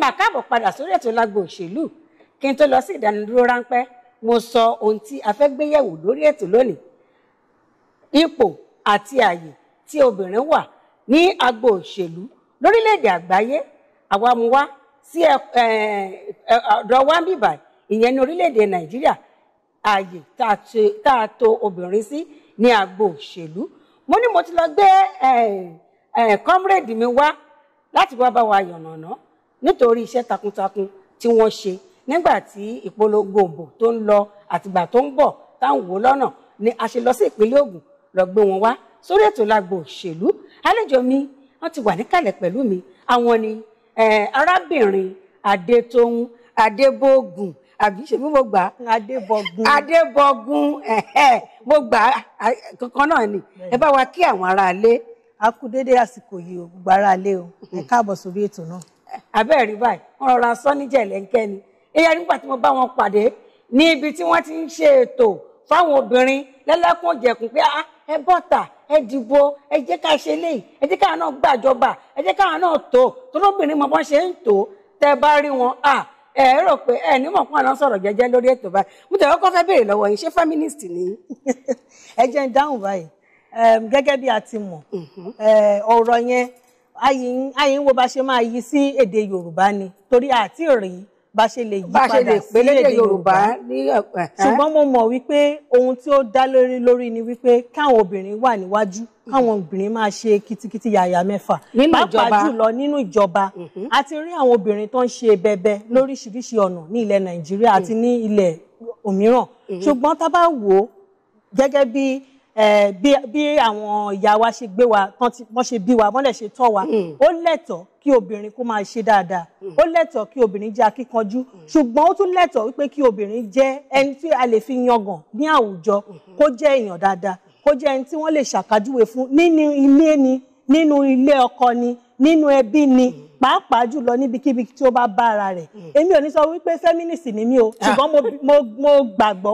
máa káàbọ̀ padà sórí ètò lágbo òṣèlú kí n tó lọ sí ìdánidúró ráńpẹ́ mo sọ ohun tí a fẹ́ gbéyẹ̀wò lórí ètò lónìí ipò àti àyè tí obìnrin wà ní agbo òṣèlú lórílẹ̀‐èdè àgbáyé àwa mú wá sí ọ̀dọ̀ wa ń bìbà ìyẹn ní orílẹ̀‐èdè nàìjíríà àyè tá a tò obìnrin sí ní agbo òṣèlú mo ní mo ti lọ gbé kọ́mírèdì mi wá láti wá bá wa yànnàná nítorí iṣẹ́ takuntakun tí wọ́n ṣe nígbà tí ìpolongo òbò tó ń lọ àtìgbà tó ń bọ̀ táwọn wò lọ́nà ni a ṣe lọ sí ìpínlẹ̀ Ògùn lọ gbé wọn wá sórí ètò lágbo òṣèlú àlejò mi wọ́n ti wà níkàlẹ̀ pẹ̀lú mi àwọn ni arábìnrin Adétóun Adébógùn àbí ṣe mú mo gbà á Adébọ̀gùn mo gbà kankan náà ni ẹ bá wa kí àwọn aráalé. a kú déédéé àsìkò yìí o gbogbo aráalé o ẹ káàbọ̀ sórí ètò náà abẹ́ẹ̀ rí báyìí wọ́n rọra sọ níjẹ̀ lẹ́ńkẹ́ ni ẹ̀yà nígbà tí mo bá wọn pàdé ní ibi tí wọ́n ti ń ṣe ètò fáwọn obìnrin lẹ́lẹ́kùn jẹ̀kùn pé ah, ẹ bọ́ta ẹ dìbò ẹ jẹ́ ká ṣe léyìí ẹ jẹ́ káwọn náà gbàjọba ẹ jẹ́ káwọn náà tó tọ́lọ́bìnrin mọ̀ bọ́n ṣe ń tó tẹ́ bá rí wọn à ẹ rò pé ẹ nímọ̀ fún àná sọ̀rọ̀ jẹ́jẹ́ lórí ètò báyìí mo tẹ̀ kọ́kọ́ fẹ́ béèrè lọ́wọ́ yìí ṣé feminist ni. ẹ jẹ́ ń dáhùn báyìí gẹ́gẹ́ bí a ayin wo bá ṣe máa yí sí èdè yorùbá ni torí àti rí bá ṣe lè yí padà sí èdè yorùbá ṣùgbọ́n mo mọ̀ wípé ohun tí ó dá lórí lórí ni wípé káwọn obìnrin wa níwájú káwọn obìnrin máa ṣe kitikiti yaya mẹ́fà pàápàá jùlọ nínú ìjọba mm-hmm. a ti rí àwọn obìnrin tó ń ṣe bẹbẹ lóríṣiríṣi ọ̀nà ní ilẹ̀ nàìjíríà àti mm. ní ilẹ̀ òmíràn mm-hmm. ṣùgbọ́n tá bá wò ó gẹ́gẹ́ bíi Eh, bí àwọn ìyá wa ṣe gbé wa tán tí wọ́n ṣe bí wa wọ́n dẹ̀ ṣe tọ́ wa hmm. ó lẹ́tọ̀ọ́ kí obìnrin kó máa ṣe dáadáa hmm. ó lẹ́tọ̀ọ́ kí obìnrin jẹ́ akíkanjú hmm. ṣùgbọ́n ó tún lẹ́tọ̀ọ́ wípé kí obìnrin jẹ́ ẹni tí a lè fi yangàn ní àwùjọ kó jẹ́ èèyàn dáadáa kó jẹ́ ẹni tí wọ́n lè ṣàkájúwe fún nínú ilé ni nínú ilé ọkọ ni nínú ẹbí ni pàápàá jùlọ níbikíbi tí ó bá bá ara rẹ̀ èmi ò ní sọ wípé feminist ni mí o ah. ṣùgbọ́n mo gbàgbọ́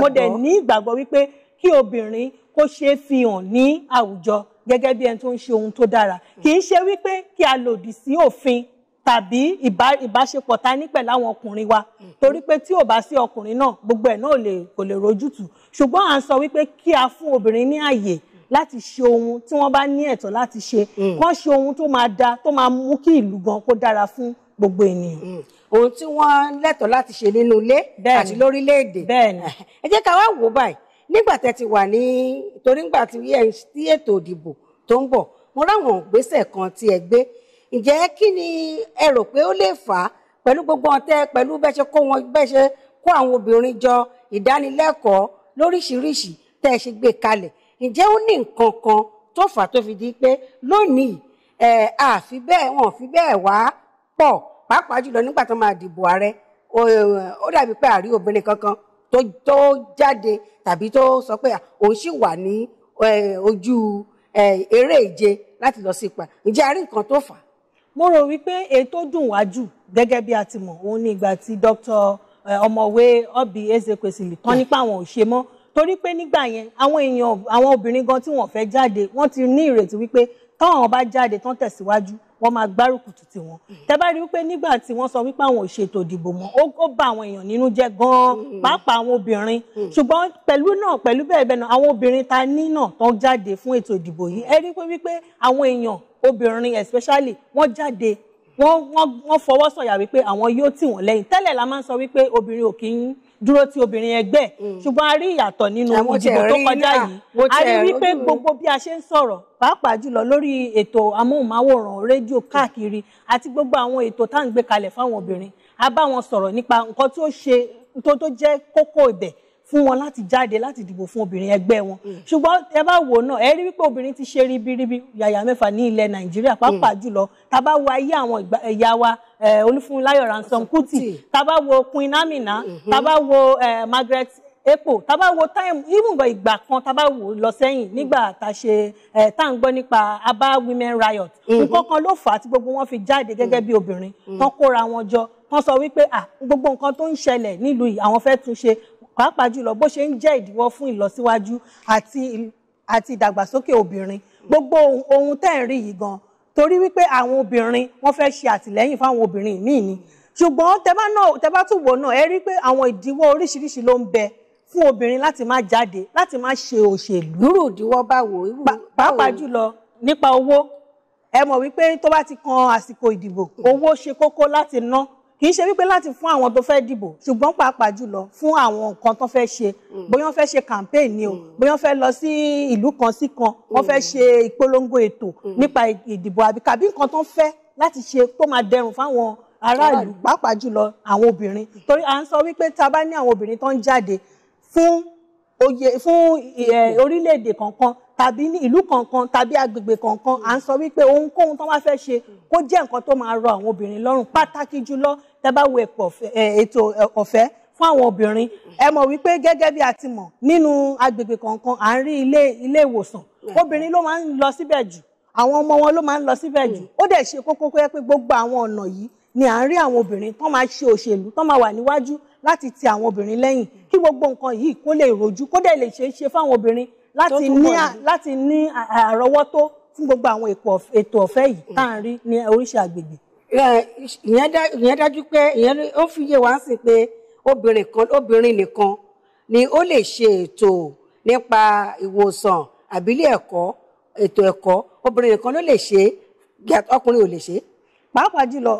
mo dẹ̀ ní ìgbàgbọ́ wípé kí obìnrin kó ṣe é fi hàn ní àwùjọ gẹ́gẹ́ bí ẹni tó ń ṣe ohun tó dára kì í ṣe wípé kí a lòdì sí òfin tàbí ìbáṣepọ̀ ta ní pẹ̀lú àwọn ọkùnrin wa torí pé tí ò bá sí ọkùnrin náà gbogbo ẹ̀ náà kò lè rojútù ṣùgbọ́n à ń sọ wípé kí a fún obìnrin ní àyè láti ṣe ohun tí wọ́n bá ní ẹ̀tọ́ láti ṣe hmm. kán ṣe ohun tó máa da tó máa mú kí ìlú gan kó dára fún gbogbo ènìyàn. Hmm. ohun tí wọ́n lẹ́tọ̀ọ́ láti ṣe nínú ilé àti lórílẹ̀‐èdè ẹ jẹ́ ká wá wò báyìí nígbà tẹ́ ti wà ní torí ńgbà tí ètò ìdìbò tó ń bọ̀ mo ráwọn ìgbésẹ̀ kan tí ẹ gbé ǹjẹ́ kí ni ẹ rò pé ó lè fà á pẹ̀lú gbogbo ọ̀tẹ̀ pẹ̀lú bẹ́ẹ̀ ṣe kó wọn bẹ́ẹ̀ ṣe kó àwọn obìnrin jọ ìdánilẹ́kọ̀ọ́ lóríṣiríṣi tẹ́ ẹ ṣe gbé kalẹ̀ ǹjẹ́ ó ní nǹkan kan tó fà á tó fi di pé lónìí ẹ̀ àfi bẹ́ẹ̀ wọn fi bẹ́ẹ̀ wá pọ̀ pàápàá jùlọ nígbà tó máa dìbò ààrẹ ó dàbí pé àrí obìnrin kankan tó tó jáde tàbí tó sọ pé òun sì wà ní ojú eré ìje láti lọ sí ipa ǹjẹ́ a rí nǹkan tó fà á. mo rò wípé èyí tó dùn wá jù gẹ́gẹ́ bí a ti mọ̀ òun ní ìgbà tí dr ọmọwé obi ezekwesili kan nípa àwọn ò ṣe mọ́ torí pé nígbà yẹn àwọn èèyàn àwọn obìnrin gan tí wọ́n fẹ́ jáde wọ́n ti ní ìrètí wípé táwọn bá jáde tán tẹ̀síwájú wọ́n máa gbárùkù tì tiwọn mm. tẹ́ bá rí wípé nígbà tí wọ́n sọ wípé àwọn ò ṣètò ìdìbò mọ́ ó bá àwọn èèyàn nínú jẹ́ gan-an mm. pàápàá àwọn obìnrin mm. ṣùgbọ́n pẹ̀lú náà pẹ̀lú bẹ́ẹ̀ bẹ́ẹ̀ náà àwọn obìnrin ta ní náà tán jáde fún ètò ìdìbò yìí ẹ rí pé wípé àwọn èèyàn obìnrin especially wọ́n jáde wọ́n wọ́n wọ́n fọwọ́ sọ̀yà wípé àwọn yóò tì wọ́n lẹ́yìn tẹ́lẹ̀ la máa ń sọ wípé obìnrin ò kì í dúró ti obìnrin ẹgbẹ́ mm. ṣùgbọ́n a rí ìyàtọ̀ nínú ìdìbò tó kọjá yìí a rí wípé gbogbo bí a ṣe ń sọ̀rọ̀ pàápàá jùlọ lórí ètò amóhùnmáwòrán rédíò káàkiri àti gbogbo àwọn ètò tá à ń gbé kalẹ̀ fáwọn obìnrin a bá wọn sọ̀rọ̀ nípa nǹkan tó ṣe tó tó jẹ́ kókó ibẹ̀ fún wọn láti jáde láti dìbò fún obìnrin ẹgbẹ́ wọn mm. ṣùgbọ́n ẹ bá wò náà ẹ rí wípé obìnrin ti ṣe ribiribi yàyà mẹ́fà ní ilẹ̀ Nàìjíríà pàápàá mm. jùlọ tá bá wo ayé àwọn ìyá wa Eh, Olúfúnmiláyọ̀ ransom Kuti tábà wo Queen Amina mm-hmm. tábà wo eh, Margaret epo tábà wo time even ìgbà kan tábà wò lọ sẹ́yìn mm. nígbà tá a ṣe eh, tá à ń gbọ́ nípa Aba women riot mm-hmm. nǹkan kan ló fà á tí gbogbo wọn fi jáde gẹ́gẹ́ mm. bí obìnrin mm. tán kóra wọn jọ wọ́n sọ wípé gbogbo nǹkan tó ń ṣẹlẹ̀ nílùú yìí àwọn fẹ́ tún ṣe pàápàá jùlọ bó ṣe ń jẹ́ ìdíwọ́ fún ìlọsíwájú àti ìdàgbàsókè obìnrin gbogbo ohun tẹ́ ń rí yìí gan-an torí wípé àwọn obìnrin wọ́n fẹ́ ṣe àtìlẹ́yìn fáwọn obìnrin míì ni ṣùgbọ́n tẹ́bá tún wò náà ẹ rí pé àwọn ìdíwọ́ oríṣiríṣi ló ń bẹ fún obìnrin láti má jáde láti má ṣe òṣèlú. irú ìdíwọ́ báwo. pàápàá jùlọ nípa owó ẹ mọ̀ wípé tó bá ti kan àsìkò ìdìbò owó ṣe kókó láti ná kì í ṣe wípé láti fún àwọn tó fẹ́ dìbò ṣùgbọ́n pàápàá jùlọ fún àwọn nǹkan tó fẹ́ ṣe mm. bóyá wọ́n fẹ́ ṣe campaign ni o mm. bóyá wọ́n fẹ́ lọ sí ìlú kan sí kan wọ́n mm. fẹ́ ṣe ìpolongo ètò nípa ìdìbò àbíkàbí nǹkan tó ń fẹ́ láti ṣe tó máa dẹrùn fáwọn aráàlú pàápàá jùlọ àwọn obìnrin torí à ń sọ wípé tá a bá ní àwọn obìnrin tó ń jáde fún oyè fún eh, orílẹ̀-èdè kankan tàbí ní ìlú kankan tàbí agbègbè kankan à ń sọ wípé ohunkóhun tó wá fẹ́ ṣe kó jẹ́ nǹkan tó máa rọ àwọn obìnrin lọ́rùn pàtàkì jùlọ tẹ́ bá wo eh, ètò eh, ọ̀fẹ́ fún àwọn obìnrin ẹ mọ̀ wípé gẹ́gẹ́ bí a ti mọ̀ nínú agbègbè kankan à ń rí ilé ilé ìwòsàn obìnrin ló máa ń lọ síbẹ̀ jù àwọn ọmọ wọn ló máa ń lọ síbẹ̀ jù hmm. ó dẹ̀ ṣe kókó pé pé gbogbo àwọn ọ̀nà yìí ni à ń rí àwọn obìnrin tó máa ṣe òṣèlú tó máa wà níwájú láti ti àwọn obìnrin lẹ́yìn kí gbogbo nǹkan yìí kó lè rojú kó dẹ̀ lè ṣeé ṣe fáwọn obìnrin láti ní láti ní àrọ́wọ́tó fún gbogbo àwọn ètò ọ̀fẹ́ yìí tá à ń rí ní oríṣi àgbègbè. ìyẹn dájú pé ìyẹn ó fi yé wa sí pé obìnrin kan obìnrin nìkan ni ó lè ṣe ètò nípa ìwòsàn àbílẹ̀ ẹ̀kọ́ ètò ẹ̀kọ́ obìnrin nìkan ló lè ṣe ọkùnrin ò lè ṣe. pàápàá jùlọ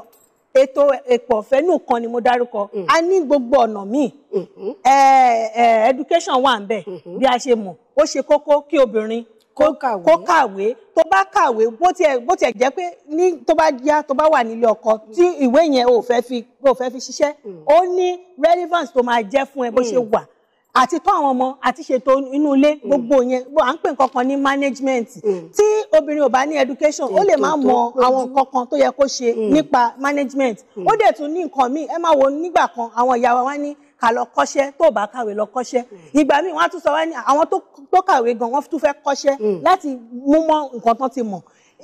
ètò èpò ọ̀fẹ́ nù kan ni mo dárúkọ mm. a ní gbogbo ọ̀nà míì mm-hmm. education wà ń bẹ̀ mm-hmm. bí a ṣe mọ̀ ó ṣe kókó kí obìnrin kó kàwé tó bá kàwé bó tiẹ̀ jẹ́ pé ní tó bá yá tó bá wà nílé ọkọ mm. tí ìwé yẹn ò fẹ́ fi ṣiṣẹ́ mm. ó ní relevance tó máa jẹ́ fún ẹ bó ṣe wà àti tọ́ àwọn ọmọ àti ṣètò inú ilé mm. gbogbo yẹn à ń pè nǹkan ní management mm. tí obìnrin ò bá ní education ó lè má mọ àwọn nǹkan kan tó yẹ kó ṣe mm. nípa management ó dẹ̀ tún ní nǹkan míì ẹ máa wo nígbà kan àwọn ìyá wa wá ní kà lọ kọ́ṣẹ́ tó bá kàwé lọ kọ́ṣẹ́ ìgbà míì wọ́n á tún sọ wá ní àwọn tó kàwé gan wọ́n tún fẹ́ kọ́ṣẹ́ láti mú mọ́ nǹkan tán ti mọ̀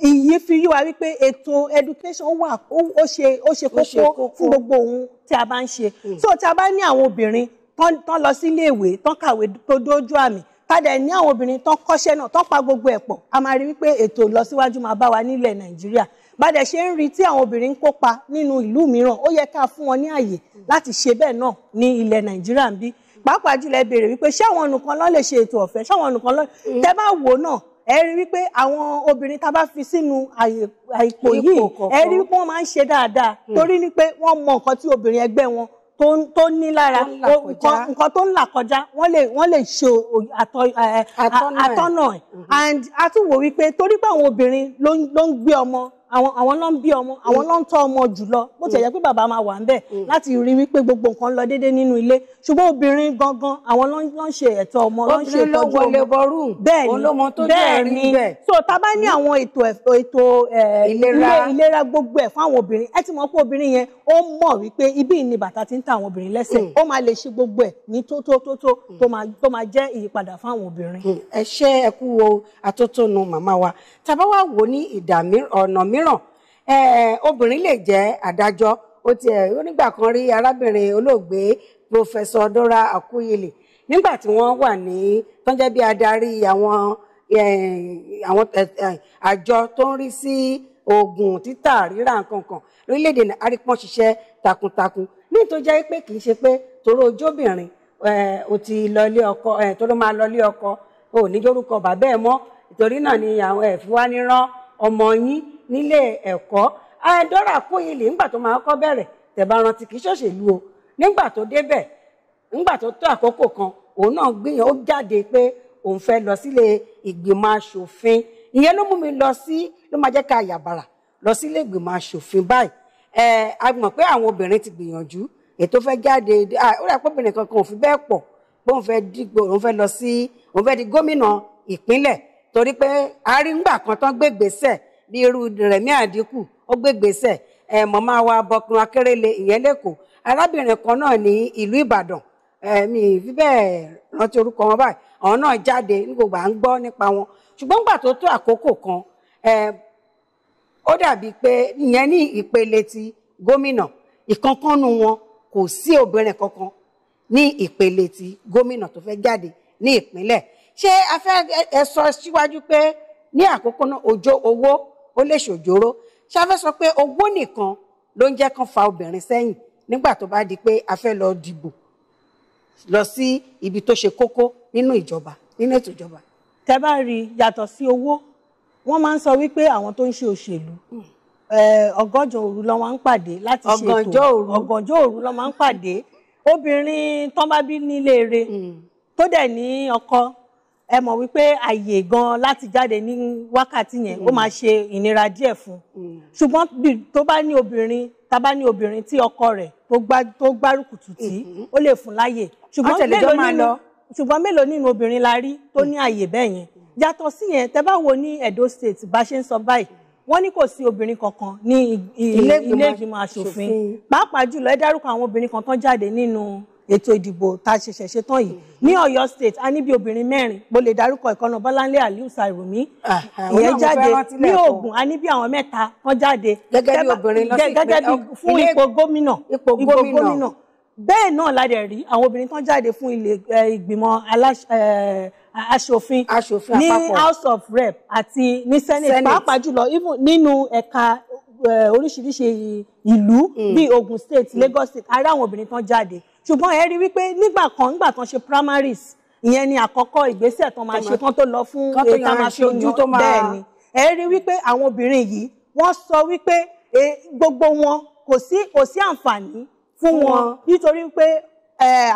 ìyí fi yíwa wípé ètò education wà ó ṣe kókó fún gbogbo ohun tí a bá ń ṣe so tí a bá ní àwọn obìnrin tán lọ sí iléèwé tán kàwé tó dójú àmì tádẹ ní àwọn obìnrin tán kọ́ṣẹ́ náà tán pa gbogbo ẹ̀ pọ̀ a máa rí wípé ètò ìlọsíwájú máa bá wa nílẹ̀ nàìjíríà bàdẹ̀ ṣe ń rí tí àwọn obìnrin ń kópa nínú ìlú mìíràn ó yẹ ká fún wọn ní àyè láti ṣe bẹ́ẹ̀ náà ní ilẹ̀ nàìjíríà ń bí pàápàá jùlọ ẹ béèrè wípé ṣé àwọn nìkan ló lè ṣe ètò ọ̀fẹ́ ṣé àwọn nìkan ló tẹ bá wò náà ẹ rí wípé àwọn obìnrin tá a bá fi sínú àìpò yìí ẹ rí wípé wọ́n máa ń ṣe dáadáa hmm. torí ni pé wọ́n mọ nǹkan tí obìnrin ẹgbẹ́ wọn tó ní lára nǹkan tó ń là kọjá wọ́n lè wọ́n lè ṣe àtọ́nà ẹ̀ mm-hmm. and a tún wò wípé torí pé àwọn obìnrin ló ń gbé ọmọ àwọn àwọn ló ń bí ọmọ àwọn ló ń tọ́ ọmọ jùlọ bó ti ẹ̀ jẹ́ pé bàbá máa wà ń bẹ̀ mm. láti rí wípé gbogbo nǹkan lọ déédéé nínú ilé ṣùgbọ́n obìnrin gangan àwọn ló ń ṣe ẹ̀tọ́ ọmọ ló ń ṣe ìtọ́jú ọmọ obìnrin ló wọlé bọ́rù olómọ tó jẹ́ rí bẹ́ẹ̀. so tá bá ní àwọn ètò ètò ìlera gbogbo ẹ̀ fún àwọn obìnrin ẹ ti mọ̀ pé obìnrin yẹn ó mọ̀ wípé ibi ni bàtà ti ń ta àwọn obìnrin lẹ́sẹ̀ mm. ó máa lè ṣe gbogbo ẹ̀ ní tótótótó mm. tó máa jẹ́ ìyípadà fún àwọn obìnrin. ẹ ṣe ẹ kú wo atótónu màmá wa tàbá wà wò ní ìdààmú ọ̀nà mìíràn mìíràn obìnrin lè jẹ́ adájọ́ ó tiẹ̀ onígbà kan rí arábìnrin olóògbé Professor Dora Akuyele nígbà tí wọ́n wà ní tọ́jẹ́ bí adarí àwọn àwọn àjọ tó ń rí sí oògùn títà rírà nǹkan kan lórílẹ̀‐èdè arípọ́n ṣiṣẹ́ takuntakun ní tó jẹ́ pé kì í ṣe pé toró ojóbìnrin ò ti lọ ilé ọkọ toró máa lọ ilé ọkọ ò ní jórúkọ bàbá ẹ̀ mọ́ ìtorí náà ni àwọn ẹ̀fí wá ọmọ yín nílé ẹ̀kọ́ Dora Koyili nígbà tó máa kọ́ bẹ̀rẹ̀ tẹ̀bá rántí kì í ṣòṣèlú o nígbà tó débẹ̀ nígbà tó tó àkókò kan òun náà gbìyàn ó jáde pé òun fẹ́ lọ sílé ìgbìmọ̀ asòfin ìyẹn ló mú mi lọ sí ló máa jẹ́ ká yàbàrà lọ sílé ìgbìmọ̀ asòfin báyìí ẹ a mọ̀ pé àwọn obìnrin ti gbìyànjú ètò fẹ́ jáde ó rẹ̀ pé obìnrin kankan ò fi bẹ́ẹ̀ pọ̀ pé òun fẹ́ dìgbò òun fẹ́ lọ sí òun fẹ́ di gómìnà ìpínlẹ̀ torí pé a rí ngbà kan tán gbégbèsè bí irú Rẹ̀mí Àdínkù ó gbégbèsè ẹ̀ mọ̀mọ́ wa bọkùn akérèlé ìyẹn lẹ́kọ̀ọ́ arábìnrin kan náà ní ìlú Ìbàdàn mi fi bẹ́ẹ̀ rántí orúkọ wọn báyìí àwọn náà jáde ní gbogbo à ń gbọ́ nípa wọn ṣùgbọ́n gbà tó tó àkókò kan ó dàbí pé ìyẹn ní ìpele ti gómìnà ìkankanu wọn kò sí obìnrin kankan ní ìpele ti gómìnà tó fẹ́ jáde ní ìpínlẹ̀ ṣé a ẹ sọ síwájú pé ní àkókò náà òjò owó ó lè ṣòjóró ṣáfẹ́ sọ pé ogbó nìkan ló ń jẹ́ kán fa obìnrin sẹ́yìn nígbà tó bá di pé a fẹ́ lọ dìbò lọ sí ibi tó ṣe kókó nínú ìjọba nínú ètò ìjọba. tẹ́ bá rí yàtọ̀ sí owó wọ́n máa ń sọ wípé àwọn tó ń ṣe òṣèlú hmm. ọgọ́jọ òru ló ń pàdé láti ṣètò ọgọ́jọ òru ló ń pàdé obìnrin tán bá bí nílé rẹ̀ hmm. tó dẹ̀ ní ọkọ ẹ mọ̀ wípé àyè gan láti jáde ní wákàtí yẹn ó mm. máa ṣe ìnira díẹ̀ fún un mm. ṣùgbọ́n tó bá ní obìnrin tá bá ní obìnrin tí ọkọ rẹ̀ tó gbárùkù tìtì mm-hmm. ó lè fún láyè ṣùgbọ́n mélòó nínú obìnrin la rí tó ní mm. àyè bẹ́ẹ̀ yẹn yàtọ̀ sí yẹn tẹ́ bá wo ní Edo State bá ṣe ń sọ báyìí wọ́n ní kò sí obìnrin kankan ní ilé ìgbìmọ̀ asòfin pàápàá jùlọ ẹ dárúkọ àwọn obìnrin kan jáde nínú ètò ìdìbò tá a ṣẹ̀ṣẹ̀ ṣe tán yìí mm-hmm. ní Ọ̀yọ́ state a ní bí obìnrin mẹ́rin mo lè dárúkọ ìkànnà Bọ́láńlé Aliu Sarumi ìyẹn jáde ní Ògùn a ní bí àwọn mẹ́ta kan jáde gẹ́gẹ́ bí obìnrin lọ sí gẹ́gẹ́ bí fún ipò gómìnà ipò gómìnà bẹ́ẹ̀ náà la dẹ̀ rí àwọn obìnrin tán jáde fún ilé ìgbìmọ̀ aṣòfin ní house of rep àti ní senate pàápàá jùlọ nínú ẹ̀ka oríṣiríṣi ìlú mm. bíi Ògùn state Lagos state a rí àwọn obìnrin tán jáde ṣùgbọ́n ẹ rí wípé nígbà kan nígbà tán ṣe primaries ìyẹn ni àkọ́kọ́ ìgbésẹ̀ tán máa ṣe tán tó lọ fún èyí tá máa ṣe ojú tó máa bẹ́ẹ̀ ni ẹ rí wípé àwọn obìnrin yìí wọ́n sọ wípé gbogbo wọn kò sí kò sí àǹfààní fún wọn nítorí pé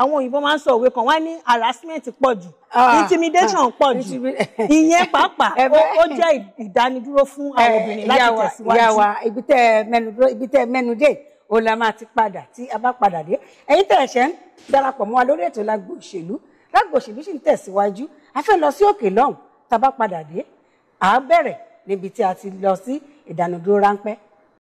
àwọn òyìnbó máa ń sọ òwe kan wá ní harassment pọ̀ jù ah, ah, intimidation pọ̀ jù ìyẹn pàápàá ó jẹ́ ìdánidúró fún àwọn obìnrin láti tẹ̀síwájú. ìyá wa ibi tẹ́ òun la máa ti padà tí a bá padà dé ẹ̀yin tẹ̀ ṣẹ́ ń darapọ̀ mọ́ wa lórí ètò lágbo òṣèlú lágbo òṣèlú sì ń tẹ̀síwájú a fẹ́ lọ sí òkè lọ́hùn tá a bá padà dé à á bẹ̀rẹ̀ níbi tí a ti lọ sí ìdánudúró ráńpẹ́